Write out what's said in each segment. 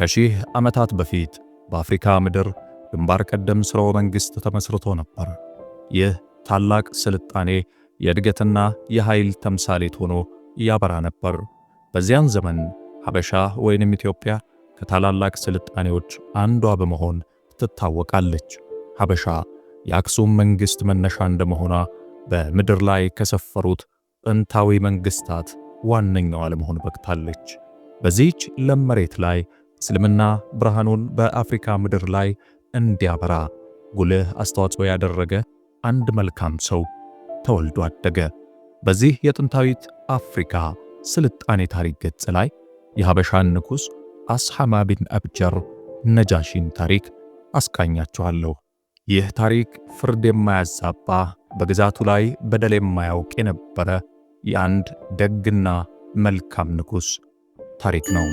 ከሺህ ዓመታት በፊት በአፍሪካ ምድር ግንባር ቀደም ሥርወ መንግሥት ተመስርቶ ነበር። ይህ ታላቅ ስልጣኔ የእድገትና የኃይል ተምሳሌት ሆኖ እያበራ ነበር። በዚያን ዘመን ሀበሻ ወይንም ኢትዮጵያ ከታላላቅ ስልጣኔዎች አንዷ በመሆን ትታወቃለች። ሀበሻ የአክሱም መንግሥት መነሻ እንደመሆኗ በምድር ላይ ከሰፈሩት ጥንታዊ መንግሥታት ዋነኛዋ ለመሆን በቅታለች። በዚህች ለም መሬት ላይ እስልምና ብርሃኑን በአፍሪካ ምድር ላይ እንዲያበራ ጉልህ አስተዋጽኦ ያደረገ አንድ መልካም ሰው ተወልዶ አደገ። በዚህ የጥንታዊት አፍሪካ ስልጣኔ ታሪክ ገጽ ላይ የሐበሻን ንጉሥ አስሐማ ቢን አብጀር ነጃሺን ታሪክ አስቃኛችኋለሁ። ይህ ታሪክ ፍርድ የማያዛባ በግዛቱ ላይ በደል የማያውቅ የነበረ የአንድ ደግና መልካም ንጉሥ ታሪክ ነው።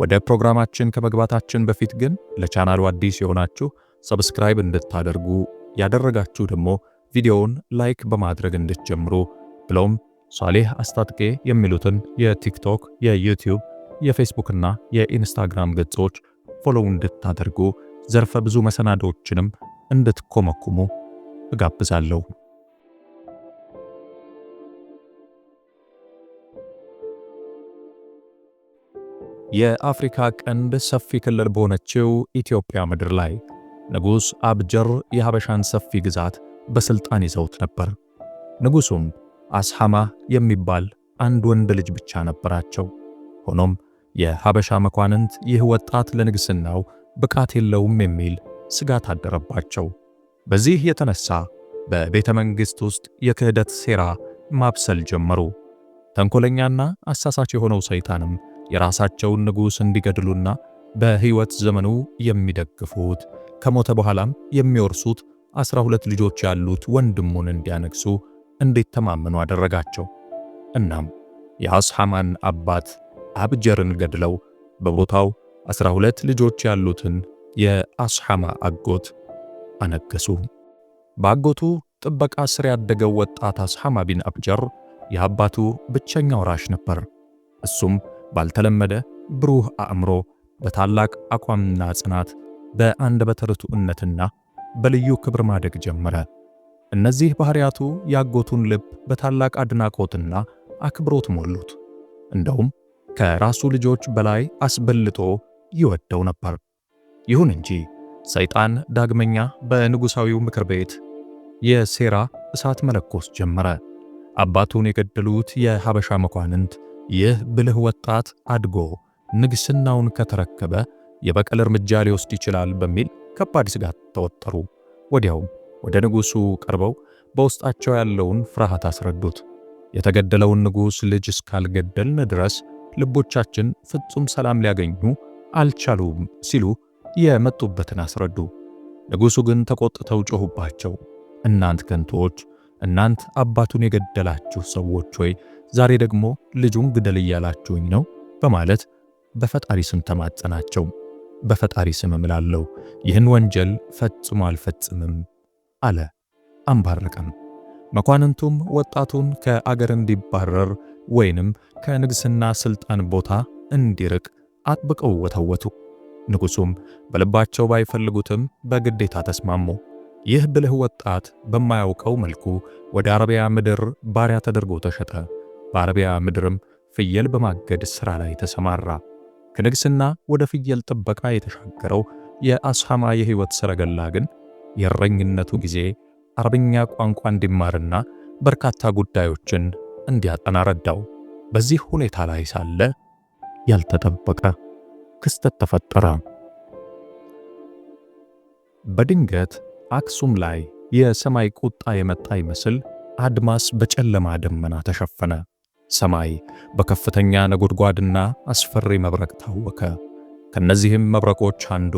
ወደ ፕሮግራማችን ከመግባታችን በፊት ግን ለቻናሉ አዲስ የሆናችሁ ሰብስክራይብ እንድታደርጉ ያደረጋችሁ ደግሞ ቪዲዮውን ላይክ በማድረግ እንድትጀምሩ ብለውም ሷሌህ አስታጥቄ የሚሉትን የቲክቶክ፣ የዩቲዩብ፣ የፌስቡክና የኢንስታግራም ገጾች ፎሎው እንድታደርጉ ዘርፈ ብዙ መሰናዶዎችንም እንድትኮመኩሙ እጋብዛለሁ። የአፍሪካ ቀንድ ሰፊ ክልል በሆነችው ኢትዮጵያ ምድር ላይ ንጉሥ አብጀር የሐበሻን ሰፊ ግዛት በሥልጣን ይዘውት ነበር። ንጉሡም አስሐማ የሚባል አንድ ወንድ ልጅ ብቻ ነበራቸው። ሆኖም የሐበሻ መኳንንት ይህ ወጣት ለንግሥናው ብቃት የለውም የሚል ስጋት አደረባቸው። በዚህ የተነሳ በቤተ መንግሥት ውስጥ የክህደት ሴራ ማብሰል ጀመሩ። ተንኮለኛና አሳሳች የሆነው ሰይጣንም የራሳቸውን ንጉሥ እንዲገድሉና በሕይወት ዘመኑ የሚደግፉት ከሞተ በኋላም የሚወርሱት አስራ ሁለት ልጆች ያሉት ወንድሙን እንዲያነግሡ ተማመኑ አደረጋቸው። እናም የአስሐማን አባት አብጀርን ገድለው በቦታው አስራ ሁለት ልጆች ያሉትን የአስሐማ አጎት አነገሡ። በአጎቱ ጥበቃ ስር ያደገው ወጣት አስሐማ ቢን አብጀር የአባቱ ብቸኛ ወራሽ ነበር። እሱም ባልተለመደ ብሩህ አእምሮ፣ በታላቅ አቋምና ጽናት፣ በአንደበተ ርቱዕነትና በልዩ ክብር ማደግ ጀመረ። እነዚህ ባህሪያቱ ያጎቱን ልብ በታላቅ አድናቆትና አክብሮት ሞሉት። እንደውም ከራሱ ልጆች በላይ አስበልጦ ይወደው ነበር። ይሁን እንጂ ሰይጣን ዳግመኛ በንጉሣዊው ምክር ቤት የሴራ እሳት መለኮስ ጀመረ። አባቱን የገደሉት የሐበሻ መኳንንት ይህ ብልህ ወጣት አድጎ ንግስናውን ከተረከበ የበቀል እርምጃ ሊወስድ ይችላል በሚል ከባድ ስጋት ተወጠሩ። ወዲያውም ወደ ንጉሱ ቀርበው በውስጣቸው ያለውን ፍርሃት አስረዱት። የተገደለውን ንጉሥ ልጅ እስካልገደልን ድረስ ልቦቻችን ፍጹም ሰላም ሊያገኙ አልቻሉም ሲሉ የመጡበትን አስረዱ። ንጉሱ ግን ተቆጥተው ጮሁባቸው። እናንት ከንቶች፣ እናንት አባቱን የገደላችሁ ሰዎች ሆይ ዛሬ ደግሞ ልጁን ግደል እያላችሁኝ ነው በማለት በፈጣሪ ስም ተማጸናቸው። በፈጣሪ ስም እምላለሁ ይህን ወንጀል ፈጽሞ አልፈጽምም አለ አንባረቀም። መኳንንቱም ወጣቱን ከአገር እንዲባረር ወይንም ከንግሥና ሥልጣን ቦታ እንዲርቅ አጥብቀው ወተወቱ። ንጉሡም በልባቸው ባይፈልጉትም በግዴታ ተስማሙ። ይህ ብልህ ወጣት በማያውቀው መልኩ ወደ አረቢያ ምድር ባሪያ ተደርጎ ተሸጠ። በአረቢያ ምድርም ፍየል በማገድ ሥራ ላይ ተሰማራ። ከንግሥና ወደ ፍየል ጥበቃ የተሻገረው የአስሐማ የሕይወት ሰረገላ ግን የእረኝነቱ ጊዜ አረብኛ ቋንቋ እንዲማርና በርካታ ጉዳዮችን እንዲያጠና ረዳው። በዚህ ሁኔታ ላይ ሳለ ያልተጠበቀ ክስተት ተፈጠረ። በድንገት አክሱም ላይ የሰማይ ቁጣ የመጣ ይመስል አድማስ በጨለማ ደመና ተሸፈነ። ሰማይ በከፍተኛ ነጎድጓድና አስፈሪ መብረቅ ታወከ። ከነዚህም መብረቆች አንዱ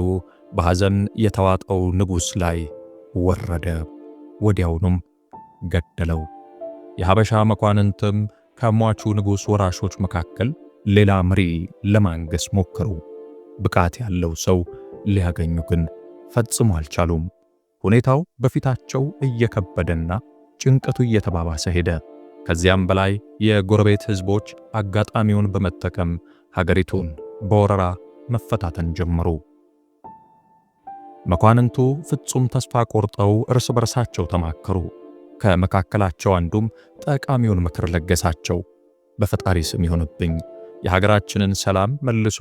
በሐዘን የተዋጠው ንጉሥ ላይ ወረደ፣ ወዲያውኑም ገደለው። የሐበሻ መኳንንትም ከሟቹ ንጉሥ ወራሾች መካከል ሌላ መሪ ለማንገስ ሞከሩ። ብቃት ያለው ሰው ሊያገኙ ግን ፈጽሞ አልቻሉም። ሁኔታው በፊታቸው እየከበደና ጭንቀቱ እየተባባሰ ሄደ። ከዚያም በላይ የጎረቤት ህዝቦች አጋጣሚውን በመጠቀም ሀገሪቱን በወረራ መፈታተን ጀመሩ። መኳንንቱ ፍጹም ተስፋ ቆርጠው እርስ በርሳቸው ተማከሩ። ከመካከላቸው አንዱም ጠቃሚውን ምክር ለገሳቸው። በፈጣሪ ስም ይሆንብኝ የሀገራችንን ሰላም መልሶ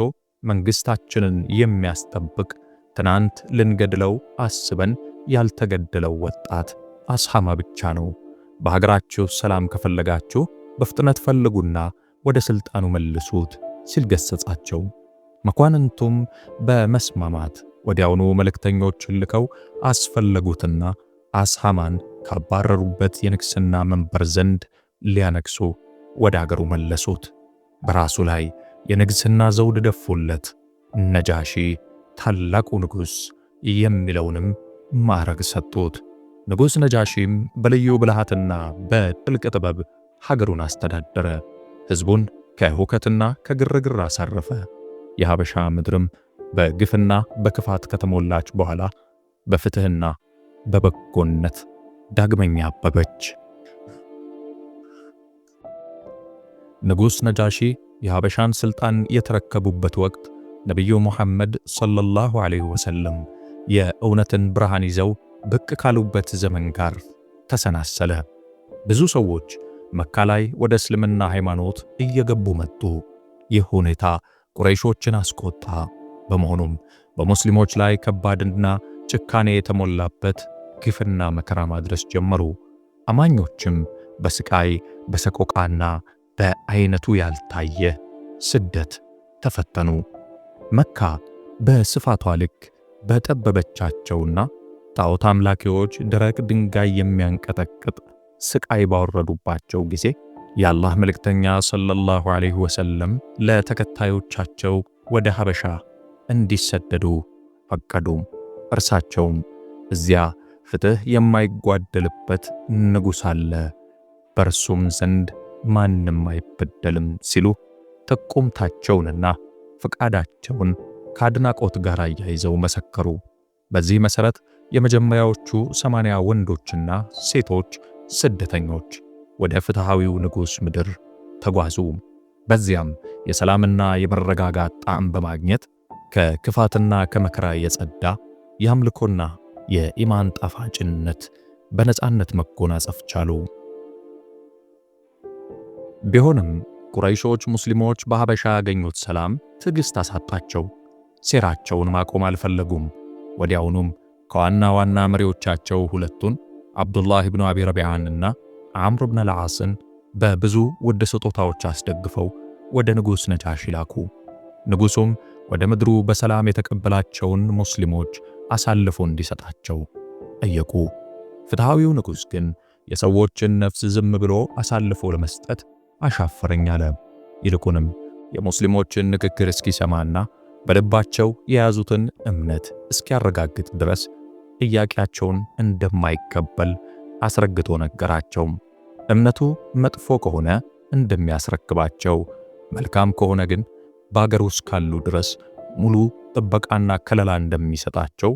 መንግስታችንን የሚያስጠብቅ ትናንት ልንገድለው አስበን ያልተገደለው ወጣት አስሐማ ብቻ ነው በሀገራችሁ ሰላም ከፈለጋችሁ በፍጥነት ፈልጉና ወደ ሥልጣኑ መልሱት ሲል ገሰጻቸው። መኳንንቱም በመስማማት ወዲያውኑ መልእክተኞችን ልከው አስፈለጉትና አስሐማን ካባረሩበት የንግሥና መንበር ዘንድ ሊያነግሱ ወደ አገሩ መለሱት። በራሱ ላይ የንግሥና ዘውድ ደፉለት። ነጃሺ ታላቁ ንጉሥ የሚለውንም ማዕረግ ሰጡት። ንጉሥ ነጃሺም በልዩ ብልሃትና በጥልቅ ጥበብ ሀገሩን አስተዳደረ። ሕዝቡን ከሁከትና ከግርግር አሳረፈ። የሐበሻ ምድርም በግፍና በክፋት ከተሞላች በኋላ በፍትህና በበጎነት ዳግመኛ አበበች። ንጉሥ ነጃሺ የሐበሻን ሥልጣን የተረከቡበት ወቅት ነቢዩ ሙሐመድ ሰለላሁ ዐለይሂ ወሰለም የእውነትን ብርሃን ይዘው ብቅ ካሉበት ዘመን ጋር ተሰናሰለ። ብዙ ሰዎች መካ ላይ ወደ እስልምና ሃይማኖት እየገቡ መጡ። ይህ ሁኔታ ቁረይሾችን አስቆጣ። በመሆኑም በሙስሊሞች ላይ ከባድና ጭካኔ የተሞላበት ግፍና መከራ ማድረስ ጀመሩ። አማኞችም በስቃይ በሰቆቃና በአይነቱ ያልታየ ስደት ተፈተኑ። መካ በስፋቷ ልክ በጠበበቻቸውና ጣዖት አምላኪዎች ደረቅ ድንጋይ የሚያንቀጠቅጥ ስቃይ ባወረዱባቸው ጊዜ የአላህ መልእክተኛ ሰለላሁ ዐለይሂ ወሰለም ለተከታዮቻቸው ወደ ሀበሻ እንዲሰደዱ ፈቀዱ። እርሳቸውም እዚያ ፍትህ የማይጓደልበት ንጉሥ አለ፣ በርሱም ዘንድ ማንም አይበደልም ሲሉ ጥቁምታቸውንና ፍቃዳቸውን ከአድናቆት ጋር አያይዘው መሰከሩ። በዚህ መሠረት የመጀመሪያዎቹ ሰማንያ ወንዶችና ሴቶች ስደተኞች ወደ ፍትሐዊው ንጉሥ ምድር ተጓዙ። በዚያም የሰላምና የመረጋጋት ጣዕም በማግኘት ከክፋትና ከመከራ የጸዳ የአምልኮና የኢማን ጣፋጭነት በነፃነት መጎናጸፍ ቻሉ። ቢሆንም ቁረይሾች ሙስሊሞች በሐበሻ ያገኙት ሰላም ትዕግሥት አሳጣቸው። ሴራቸውን ማቆም አልፈለጉም። ወዲያውኑም ከዋና ዋና መሪዎቻቸው ሁለቱን አብዱላህ ብኑ አቢ ረቢዓንና አምር ብን ልዓስን በብዙ ውድ ስጦታዎች አስደግፈው ወደ ንጉሥ ነጃሽ ይላኩ። ንጉሡም ወደ ምድሩ በሰላም የተቀበላቸውን ሙስሊሞች አሳልፎ እንዲሰጣቸው ጠየቁ። ፍትሐዊው ንጉሥ ግን የሰዎችን ነፍስ ዝም ብሎ አሳልፎ ለመስጠት አሻፈረኝ አለ። ይልቁንም የሙስሊሞችን ንግግር እስኪሰማና በልባቸው የያዙትን እምነት እስኪያረጋግጥ ድረስ ጥያቄያቸውን እንደማይቀበል አስረግጦ ነገራቸው። እምነቱ መጥፎ ከሆነ እንደሚያስረክባቸው፣ መልካም ከሆነ ግን በአገር ውስጥ ካሉ ድረስ ሙሉ ጥበቃና ከለላ እንደሚሰጣቸው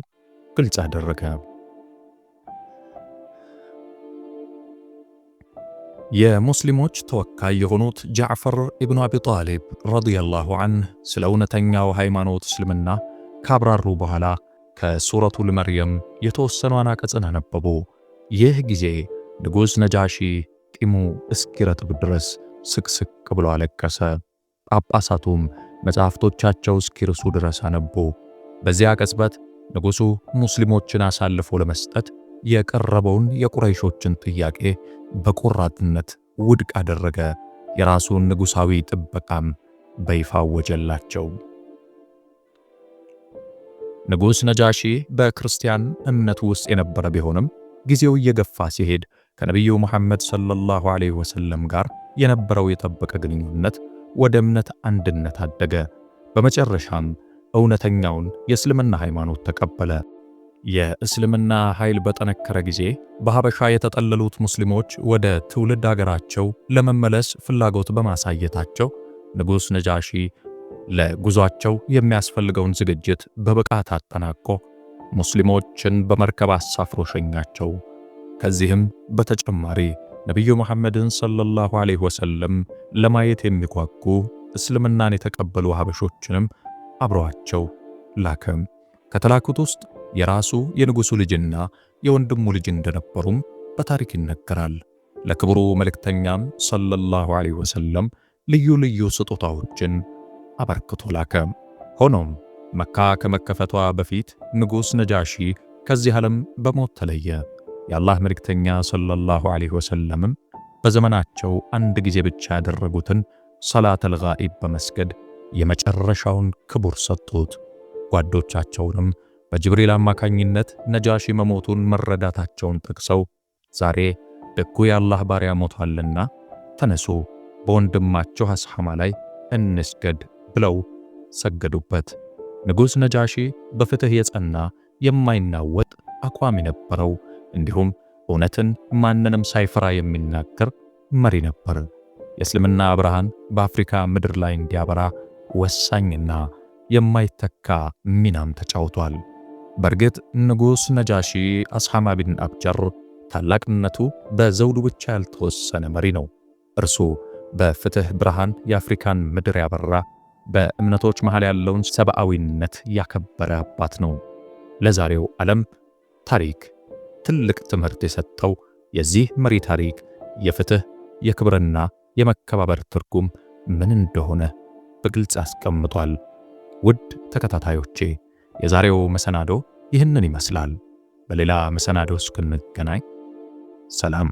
ግልጽ አደረገ። የሙስሊሞች ተወካይ የሆኑት ጃዕፈር ኢብኑ አቢ ጣሊብ ረዲየላሁ ዐንህ ስለ እውነተኛው ሃይማኖት እስልምና ካብራሩ በኋላ ከሱረቱል መርየም የተወሰኑ አናቀጽን አነበቡ። ይህ ጊዜ ንጉሥ ነጃሺ ጢሙ እስኪረጥብ ድረስ ስቅስቅ ብሎ አለቀሰ። ጳጳሳቱም መጻሕፍቶቻቸው እስኪርሱ ድረስ አነቡ። በዚያ ቅጽበት ንጉሡ ሙስሊሞችን አሳልፎ ለመስጠት የቀረበውን የቁረይሾችን ጥያቄ በቆራጥነት ውድቅ አደረገ። የራሱን ንጉሣዊ ጥበቃም በይፋ ወጀላቸው። ንጉሥ ነጃሺ በክርስቲያን እምነት ውስጥ የነበረ ቢሆንም ጊዜው እየገፋ ሲሄድ ከነቢዩ መሐመድ ሰለላሁ ዐለይሂ ወሰለም ጋር የነበረው የጠበቀ ግንኙነት ወደ እምነት አንድነት አደገ። በመጨረሻም እውነተኛውን የእስልምና ሃይማኖት ተቀበለ። የእስልምና ኃይል በጠነከረ ጊዜ በሐበሻ የተጠለሉት ሙስሊሞች ወደ ትውልድ አገራቸው ለመመለስ ፍላጎት በማሳየታቸው ንጉሥ ነጃሺ ለጉዟቸው የሚያስፈልገውን ዝግጅት በብቃት አጠናቆ ሙስሊሞችን በመርከብ አሳፍሮ ሸኛቸው። ከዚህም በተጨማሪ ነቢዩ መሐመድን ሰለላሁ ዐለይሂ ወሰለም ለማየት የሚጓጉ እስልምናን የተቀበሉ ሀበሾችንም አብረዋቸው ላከም። ከተላኩት ውስጥ የራሱ የንጉሡ ልጅና የወንድሙ ልጅ እንደነበሩም በታሪክ ይነገራል። ለክብሩ መልእክተኛም ሰለላሁ ዐለይሂ ወሰለም ልዩ ልዩ ስጦታዎችን አበርክቶ ላከ። ሆኖም መካ ከመከፈቷ በፊት ንጉሥ ነጃሺ ከዚህ ዓለም በሞት ተለየ። የአላህ መልእክተኛ ሰለላሁ ዐለይሂ ወሰለምም በዘመናቸው አንድ ጊዜ ብቻ ያደረጉትን ሰላተል ጋኢብ በመስገድ የመጨረሻውን ክቡር ሰጡት። ጓዶቻቸውንም በጅብሪል አማካኝነት ነጃሺ መሞቱን መረዳታቸውን ጠቅሰው ዛሬ ደጉ የአላህ ባሪያ ሞቷልና ተነሱ፣ በወንድማቸው አስሐማ ላይ እንስገድ ብለው ሰገዱበት። ንጉሥ ነጃሺ በፍትህ የጸና የማይናወጥ አቋም የነበረው እንዲሁም እውነትን ማንንም ሳይፈራ የሚናገር መሪ ነበር። የእስልምና ብርሃን በአፍሪካ ምድር ላይ እንዲያበራ ወሳኝና የማይተካ ሚናም ተጫውቷል። በእርግጥ ንጉሥ ነጃሺ አስሐማ ቢን አብጀር ታላቅነቱ በዘውዱ ብቻ ያልተወሰነ መሪ ነው። እርሱ በፍትህ ብርሃን የአፍሪካን ምድር ያበራ በእምነቶች መሃል ያለውን ሰብአዊነት ያከበረ አባት ነው። ለዛሬው ዓለም ታሪክ ትልቅ ትምህርት የሰጠው የዚህ መሪ ታሪክ የፍትህ፣ የክብርና የመከባበር ትርጉም ምን እንደሆነ በግልጽ አስቀምጧል። ውድ ተከታታዮቼ የዛሬው መሰናዶ ይህንን ይመስላል። በሌላ መሰናዶ እስክንገናኝ ሰላም።